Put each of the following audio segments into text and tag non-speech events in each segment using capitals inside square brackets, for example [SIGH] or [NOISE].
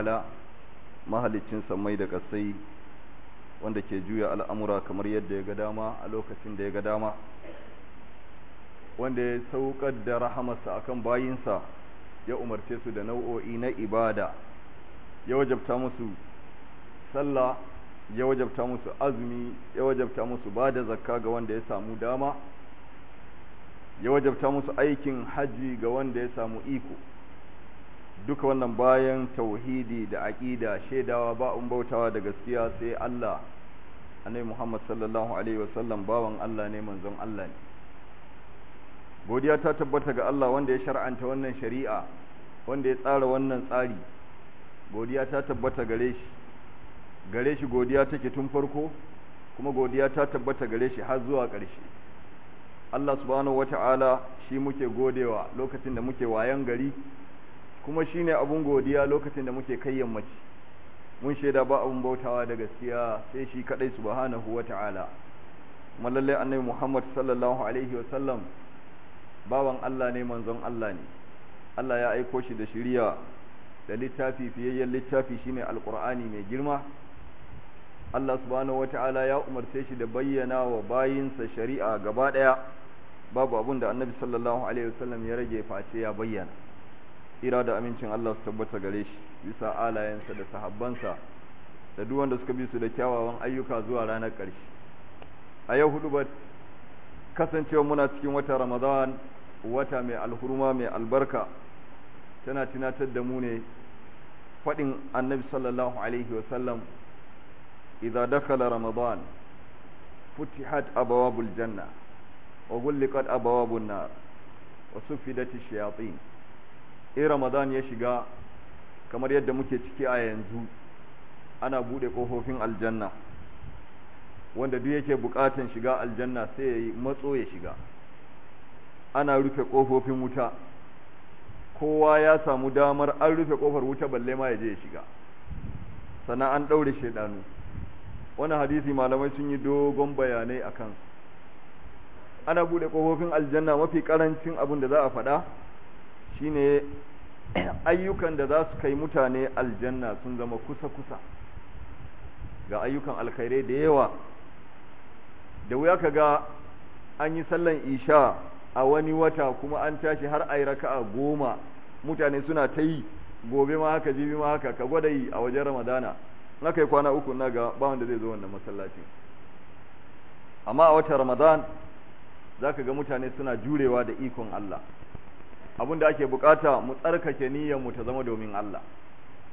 ta'ala mahalicin samai da kasai wanda ke juya al'amura kamar yadda ya ga dama a lokacin da ya ga dama wanda ya saukar da rahamarsa akan bayinsa ya umarce su da nau'o'i na ibada ya wajabta musu sallah ya wajabta musu azumi ya wajabta musu ba da zakka ga wanda ya samu dama ya wajabta musu aikin hajji ga wanda ya samu iko duka wannan bayan tauhidi da aqida shaidawa ba un bautawa da gaskiya sai Allah annabi Muhammad sallallahu alaihi wasallam bawan Allah ne manzon Allah ne godiya ta tabbata ga Allah wanda ya shar'anta wannan shari'a wanda ya tsara wannan tsari godiya ta tabbata gare shi gare shi godiya take tun farko kuma godiya ta tabbata gare shi har zuwa ƙarshe Allah subhanahu wata'ala shi muke godewa lokacin da muke wayan gari kuma shi ne abun godiya lokacin da muke kai yammaci mun shaida ba abun bautawa da gaskiya sai shi kadai subhanahu wata'ala kuma mallallai annabi Muhammad sallallahu alaihi wa sallam bawan Allah ne manzon Allah ne Allah ya aiko shi da shirya da littafi fiyayyen littafi shine Alkur'ani mai girma Allah subhanahu Ta'ala ya umarce shi da bayyana wa bayinsa shari'a gaba daya babu abin da annabi sallallahu alaihi wa ya rage face ya bayyana tsira da amincin Allah su tabbata gare shi bisa alayensa da sahabbansa da duk wanda suka bi su da kyawawan ayyuka zuwa ranar ƙarshe a yau hudu ba kasancewa muna cikin wata ramadan wata mai alhurma mai albarka tana tunatar da mu ne faɗin annabi sallallahu alaihi wasallam idza dakhala ramadan futihat abawabul janna wa ghulqat abawabun nar wa sufidat ash-shayatin in ramadan ya shiga kamar yadda muke ciki a yanzu ana bude kofofin aljanna wanda duk yake bukatan shiga aljanna sai ya yi matso ya shiga ana rufe kofofin wuta kowa ya samu damar an rufe kofar wuta balle ma ya je ya shiga sannan an daure shaidanu wani hadisi malamai sun yi dogon bayanai akan. ana bude kofofin aljanna mafi karancin abin da za a faɗa shine [CLEARS THROAT] ayyukan da za su kai mutane aljanna sun zama kusa-kusa ga ayyukan alkhairai da yawa da wuya ka ga an yi sallan isha a wani wata kuma an tashi har a yi raka a goma mutane suna ta yi gobe ma haka jibi ma haka ka gwada yi a wajen ramadana na kai kwana uku na ga ba wanda zai zo wannan masallaci amma a watan ramadan za ka ga mutane suna jurewa da ikon Allah abin da ake bukata mu tsarkake niyyar mu ta zama domin Allah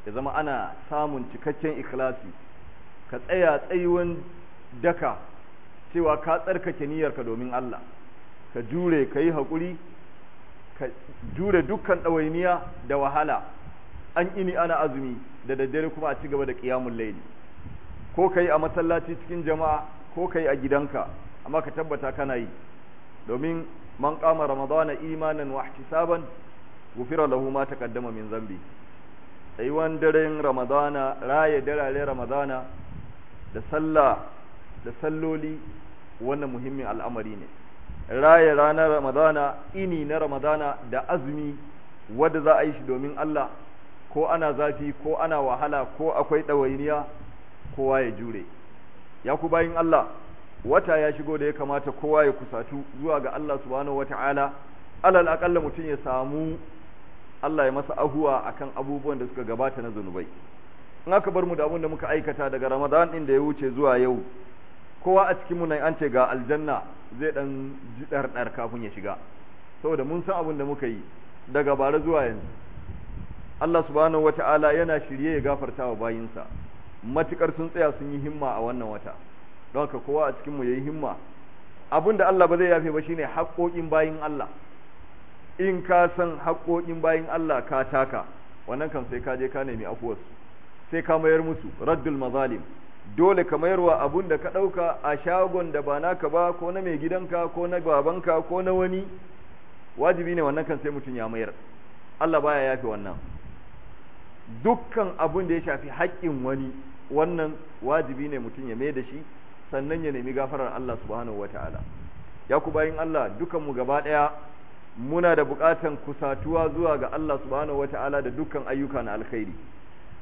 ya zama ana samun cikakken ikhlasi ka tsaya tsayuwan daka cewa ka tsarkake niyyarka domin Allah ka jure ka yi haƙuri ka jure dukkan ɗawainiya da wahala an ini ana azumi da daddare kuma a ci gaba da ƙiyamun laili ko ka yi a masallaci cikin jama'a ko ka yi a gidanka amma ka tabbata kana yi domin man qama ramadana imanan wa ihtisaban gufira lahu ma taqaddama min zambi tsayuwan daren ramadana raye dare ramadana da sallah da salloli wannan muhimmin al'amari ne raye ranar ramadana ini na ramadana da azumi wanda za a yi shi domin Allah ko ana zafi ko ana wahala ko akwai dawainiya kowa ya jure ya ku bayin Allah wata ya shigo da ya kamata kowa ya kusatu zuwa ga Allah subhanahu wataala alal aqalla mutum ya samu Allah ya masa ahuwa akan abubuwan da suka gabata na zanubai in aka bar mu da abun da muka aikata daga Ramadan din da ya wuce zuwa yau kowa a cikin mu nan an ce ga aljanna zai dan jidar dar kafin ya shiga saboda mun san abun da muka yi daga bara zuwa yanzu Allah subhanahu wataala yana shirye ya gafarta wa bayinsa matukar sun tsaya sun yi himma a wannan wata don haka kowa a cikinmu ya yi himma abin da Allah ba zai yafe ba shine haƙoƙin bayin Allah in ka san haƙoƙin bayin Allah ka taka wannan kan sai ka je ka nemi afuwarsu sai ka mayar musu raddul mazalim dole ka mayarwa abun da ka ɗauka a shagon da ba naka ba ko na mai gidanka ko na babanka ko na wani wajibi ne wannan kan sai mutum ya mayar Allah baya yafe wannan dukkan abun da ya shafi haƙƙin wani wannan wajibi ne mutum ya mai da shi sannan ya nemi gafarar Allah subhanahu wataala ya ku bayin Allah dukanmu gaba daya muna da bukatan kusatuwa zuwa ga Allah subhanahu wataala da dukan ayyuka na alkhairi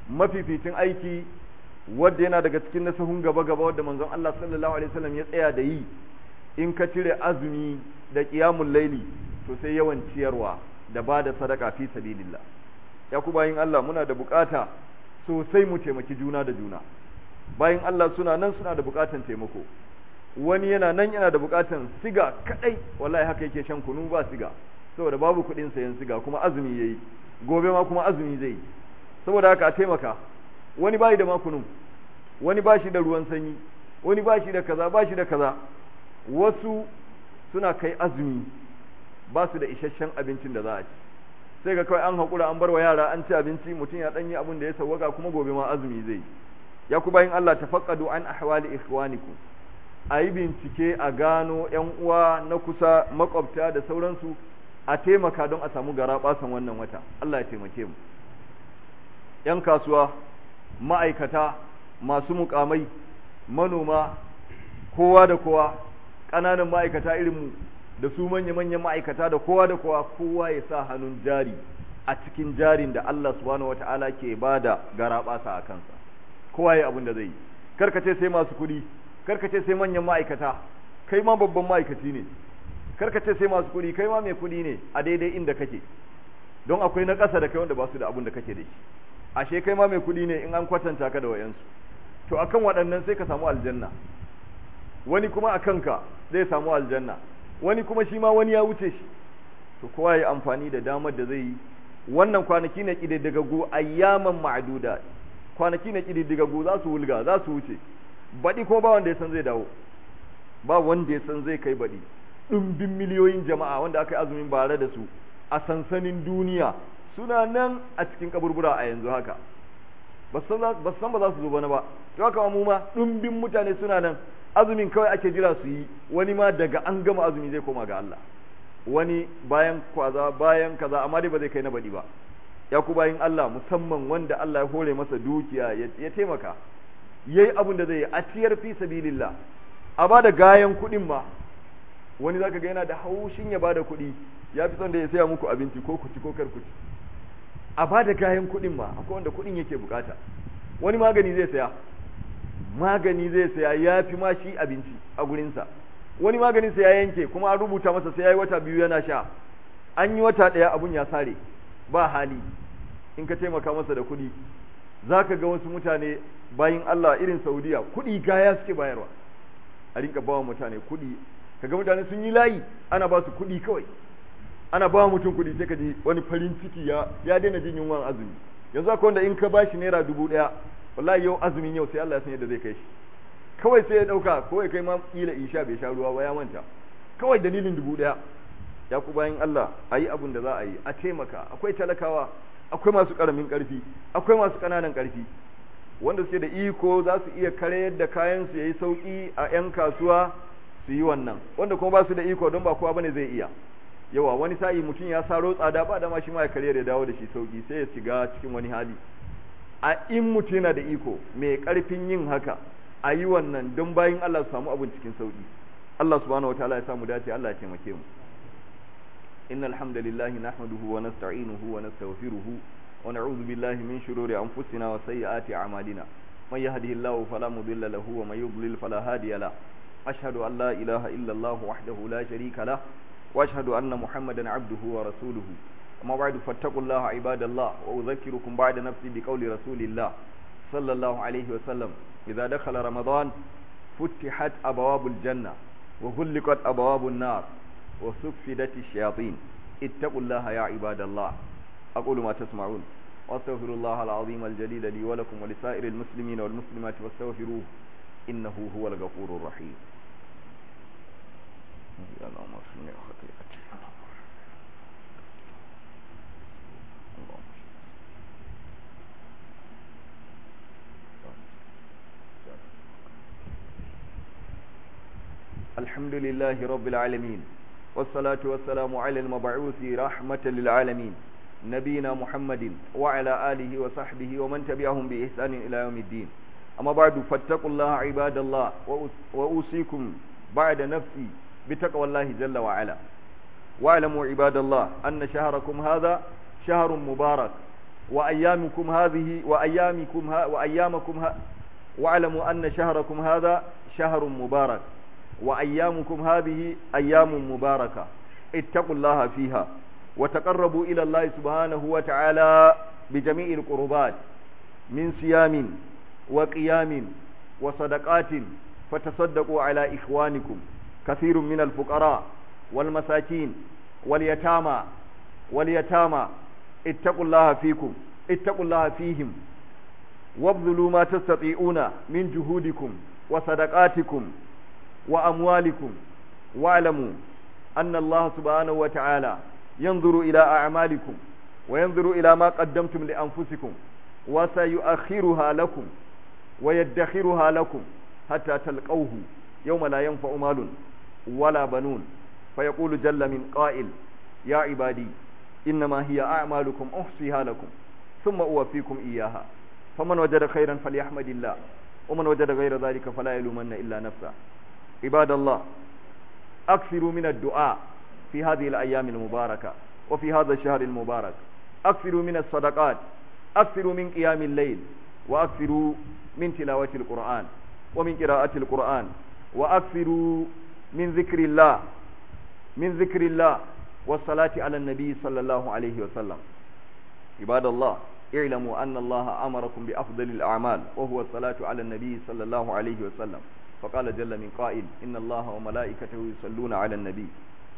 mafificin aiki wanda yana daga cikin nasihun gaba gaba wanda manzon Allah sallallahu alaihi wasallam ya tsaya da yi in ka cire azumi da qiyamul laili to sai yawan ciyarwa da ba da sadaka fi sabilillah ya ku bayin Allah muna da bukata sosai mu taimaki juna da juna bayan Allah suna nan suna da bukatan taimako wani yana nan yana da bukatan siga kadai wallahi haka yake shan kunu ba siga saboda babu kudin sayan siga kuma azumi yayi gobe ma kuma azumi zai saboda haka a taimaka wani bai da makunun wani bashi da ruwan sanyi wani bashi da kaza bashi da kaza wasu suna kai azumi ba su da isasshen abincin da za a ci sai ga kawai an haƙura an bar wa yara an ci abinci mutum ya ɗanyi abin da ya sauwaka kuma gobe ma azumi zai yi ya ku bayin Allah tafaqqadu an ahwali A yi bincike a gano yan uwa na kusa makwabta da sauransu a taimaka don a samu gara basan wannan wata Allah ya taimake mu yan kasuwa ma'aikata masu mukamai manoma kowa da kowa ƙananan ma'aikata irin mu da su manya-manyan ma'aikata da kowa da kowa kowa ya sa hannun jari a cikin jarin da Allah subhanahu wata'ala ke bada gara basa a kansa kowa ya abin da zai yi karka ce sai masu kuɗi karka ce sai manyan ma'aikata kai ma babban ma'aikaci ne karka ce sai masu kuɗi kai ma mai kuɗi ne a daidai inda kake don akwai na ƙasa da kai wanda ba su da abin da kake da shi ashe kai ma mai kuɗi ne in an kwatanta ka da wayansu to akan waɗannan sai ka samu aljanna wani kuma a kanka zai samu aljanna wani kuma shi ma wani ya wuce shi to kowa ya amfani da damar da zai yi wannan kwanaki ne go ayyaman ma'aduda kwanaki na ƙididdigaggu za su wulga za su wuce baɗi ko ba wanda ya san zai dawo ba wanda ya san zai kai baɗi ɗumbin miliyoyin jama'a wanda aka yi azumin bare da su a sansanin duniya suna nan a cikin kaburbura a yanzu haka ba san ba za su zo bana ba to haka mu ma ɗumbin mutane suna nan azumin kawai ake jira su yi wani ma daga an gama azumi zai koma ga Allah wani bayan kwaza bayan kaza amma dai ba zai kai na baɗi ba ya ku bayin Allah musamman wanda Allah ya hore masa dukiya ya taimaka yayi abin da zai a ciyar fi sabilillah a bada gayan kuɗin ma wani zaka ga yana da haushin ya bada kuɗi ya fi son da ya saya muku abinci ko ku ko kar ku ci a bada gayan kuɗin ma akwai wanda kuɗin yake bukata wani magani zai saya magani zai saya ya fi ma shi abinci a gurinsa wani maganin sai ya yanke kuma an rubuta masa sai ya yi wata biyu yana sha an yi wata ɗaya abun ya sare ba hali in ka taimaka masa da kuɗi za ka ga wasu mutane bayin Allah irin Saudiya kuɗi gaya suke bayarwa a rinka bawa mutane kuɗi ka ga mutane sun yi layi ana ba su kuɗi kawai ana ba mutum kuɗi sai ka ji wani farin ciki ya daina jin yunwan azumi yanzu akwai wanda in ka ba shi naira dubu ɗaya wallahi yau azumin yau sai Allah ya san yadda zai kai shi kawai sai ya ɗauka kawai kai ma kila isha bai sha ruwa ba ya manta kawai dalilin dubu ɗaya ya ku bayan Allah a yi abin da za a yi a taimaka akwai talakawa akwai masu karamin karfi akwai masu kananan karfi wanda suke da iko za su iya kare yadda kayan su yayi sauki a 'yan kasuwa su yi wannan wanda kuma ba su da iko don ba kowa bane zai iya yawa wani sa'i mutum ya saro tsada ba da ma shi ma ya kare da dawo da shi sauki sai ya shiga cikin wani hali a in mutum yana da iko mai ƙarfin yin haka a yi wannan don bayan Allah su samu abin cikin sauki Allah subhanahu wataala ya samu dace Allah ya taimake mu إن الحمد لله نحمده ونستعينه ونستغفره ونعوذ بالله من شرور أنفسنا وسيئات أعمالنا من يهده الله فلا مضل له ومن يضلل فلا هادي له أشهد أن لا إله إلا الله وحده لا شريك له وأشهد أن محمدا عبده ورسوله أما بعد فاتقوا الله عباد الله وأذكركم بعد نفسي بقول رسول الله صلى الله عليه وسلم إذا دخل رمضان فتحت أبواب الجنة وغلقت أبواب النار وسفدت الشياطين اتقوا الله يا عباد الله أقول ما تسمعون واستغفر الله العظيم الجليل لي ولكم ولسائر المسلمين والمسلمات واستغفروه إنه هو الغفور الرحيم اللهم الحمد لله رب العالمين والصلاة والسلام على المبعوث رحمة للعالمين نبينا محمد وعلى آله وصحبه ومن تبعهم بإحسان إلى يوم الدين أما بعد فاتقوا الله عباد الله وأوصيكم بعد نفسي بتقوى الله جل وعلا واعلموا عباد الله أن شهركم هذا شهر مبارك وأيامكم هذه وأيامكم ها وأيامكم ها واعلموا أن شهركم هذا شهر مبارك wa ayyamukum hadhihi ayyamun mubaraka ittaqullaha fiha wa taqarrabu ila Allah subhanahu wa ta'ala bi jami'il qurbat min siyamin wa qiyamin wa sadaqatin fatasaddaqu ala ikhwanikum kathirun min al-fuqara wal masakin wal yatama wal yatama ittaqullaha fikum ittaqullaha fihim wabdhulu ma tastati'una min juhudikum wa sadaqatikum wa amwalikum wa alamu anna Allah subhanahu wa ta'ala yanzuru ila a'malikum wa yanzuru ila ma qaddamtum li anfusikum wa sayu'akhiruha lakum wa yaddakhiruha lakum hatta talqawhu yawma la yanfa'u malun wala banun fa yaqulu jalla min qa'il ya ibadi إنما هي أعمالكم أحصيها لكم ثم أوفيكم إياها فمن وجد خيرا فليحمد الله ومن وجد غير ذلك فلا يلومن إلا نفسه عباد الله أكثروا من الدعاء في هذه الأيام المباركة وفي هذا الشهر المبارك أكثروا من الصدقات أكثروا من قيام الليل وأكثروا من تلاوة القرآن ومن قراءة القرآن وأكثروا من ذكر الله من ذكر الله والصلاة على النبي صلى الله عليه وسلم عباد الله اعلموا أن الله أمركم بأفضل الأعمال وهو الصلاة على النبي صلى الله عليه وسلم فقال جل من قائل إن الله وملائكته يصلون على النبي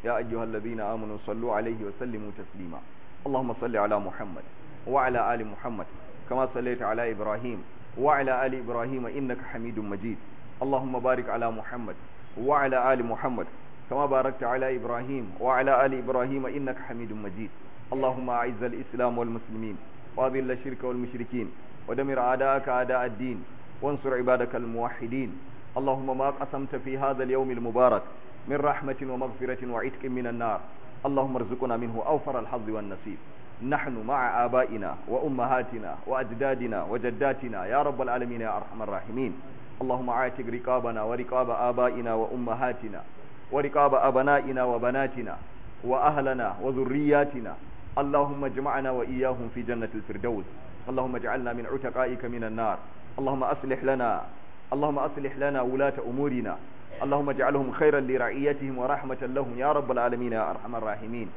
يا أيها الذين آمنوا صلوا عليه وسلموا تسليما اللهم صل على محمد وعلى آل محمد كما صليت على إبراهيم وعلى آل إبراهيم إنك حميد مجيد اللهم بارك على محمد وعلى آل محمد كما باركت على إبراهيم وعلى آل إبراهيم إنك حميد مجيد اللهم أعز الإسلام والمسلمين وأذل الشرك والمشركين ودمر أعداءك أعداء الدين وانصر عبادك الموحدين اللهم ما قسمت في هذا اليوم المبارك من رحمة ومغفرة وعتق من النار اللهم ارزقنا منه أوفر الحظ والنصيب نحن مع آبائنا وأمهاتنا وأجدادنا وجداتنا يا رب العالمين يا أرحم الراحمين اللهم عاتق رقابنا ورقاب آبائنا وأمهاتنا ورقاب أبنائنا وبناتنا وأهلنا وذرياتنا اللهم اجمعنا وإياهم في جنة الفردوس اللهم اجعلنا من عتقائك من النار اللهم أصلح لنا اللهم أصلح لنا ولاة أمورنا اللهم اجعلهم خيرا لرعيتهم ورحمة لهم يا رب العالمين يا أرحم الراحمين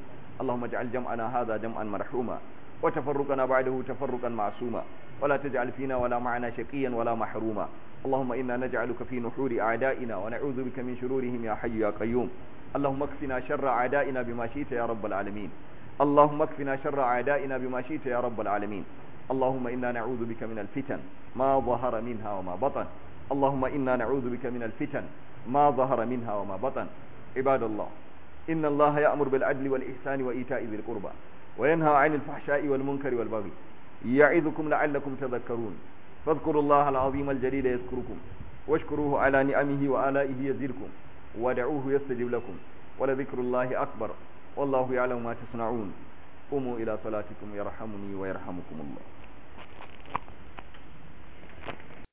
اللهم اجعل جمعنا هذا جمعا مرحوما وتفرقنا بعده تفرقا معصوما ولا تجعل فينا ولا معنا شقيا ولا محروما اللهم إنا نجعلك في نحور أعدائنا ونعوذ بك من شرورهم يا حي يا قيوم اللهم اكفنا شر أعدائنا بما شئت يا رب العالمين اللهم اكفنا شر أعدائنا بما شئت يا رب العالمين اللهم إنا نعوذ بك من الفتن ما ظهر منها وما بطن اللهم إنا نعوذ بك من الفتن ما ظهر منها وما بطن عباد الله إن الله يأمر بالعدل والإحسان وإيتاء ذي القربى وينهى عن الفحشاء والمنكر والبغي يعظكم لعلكم تذكرون فاذكروا الله العظيم الجليل يذكركم واشكروه على نعمه وآلائه يزدكم ودعوه يستجب لكم ولذكر الله أكبر والله يعلم ما تصنعون قوموا إلى صلاتكم يرحمني ويرحمكم الله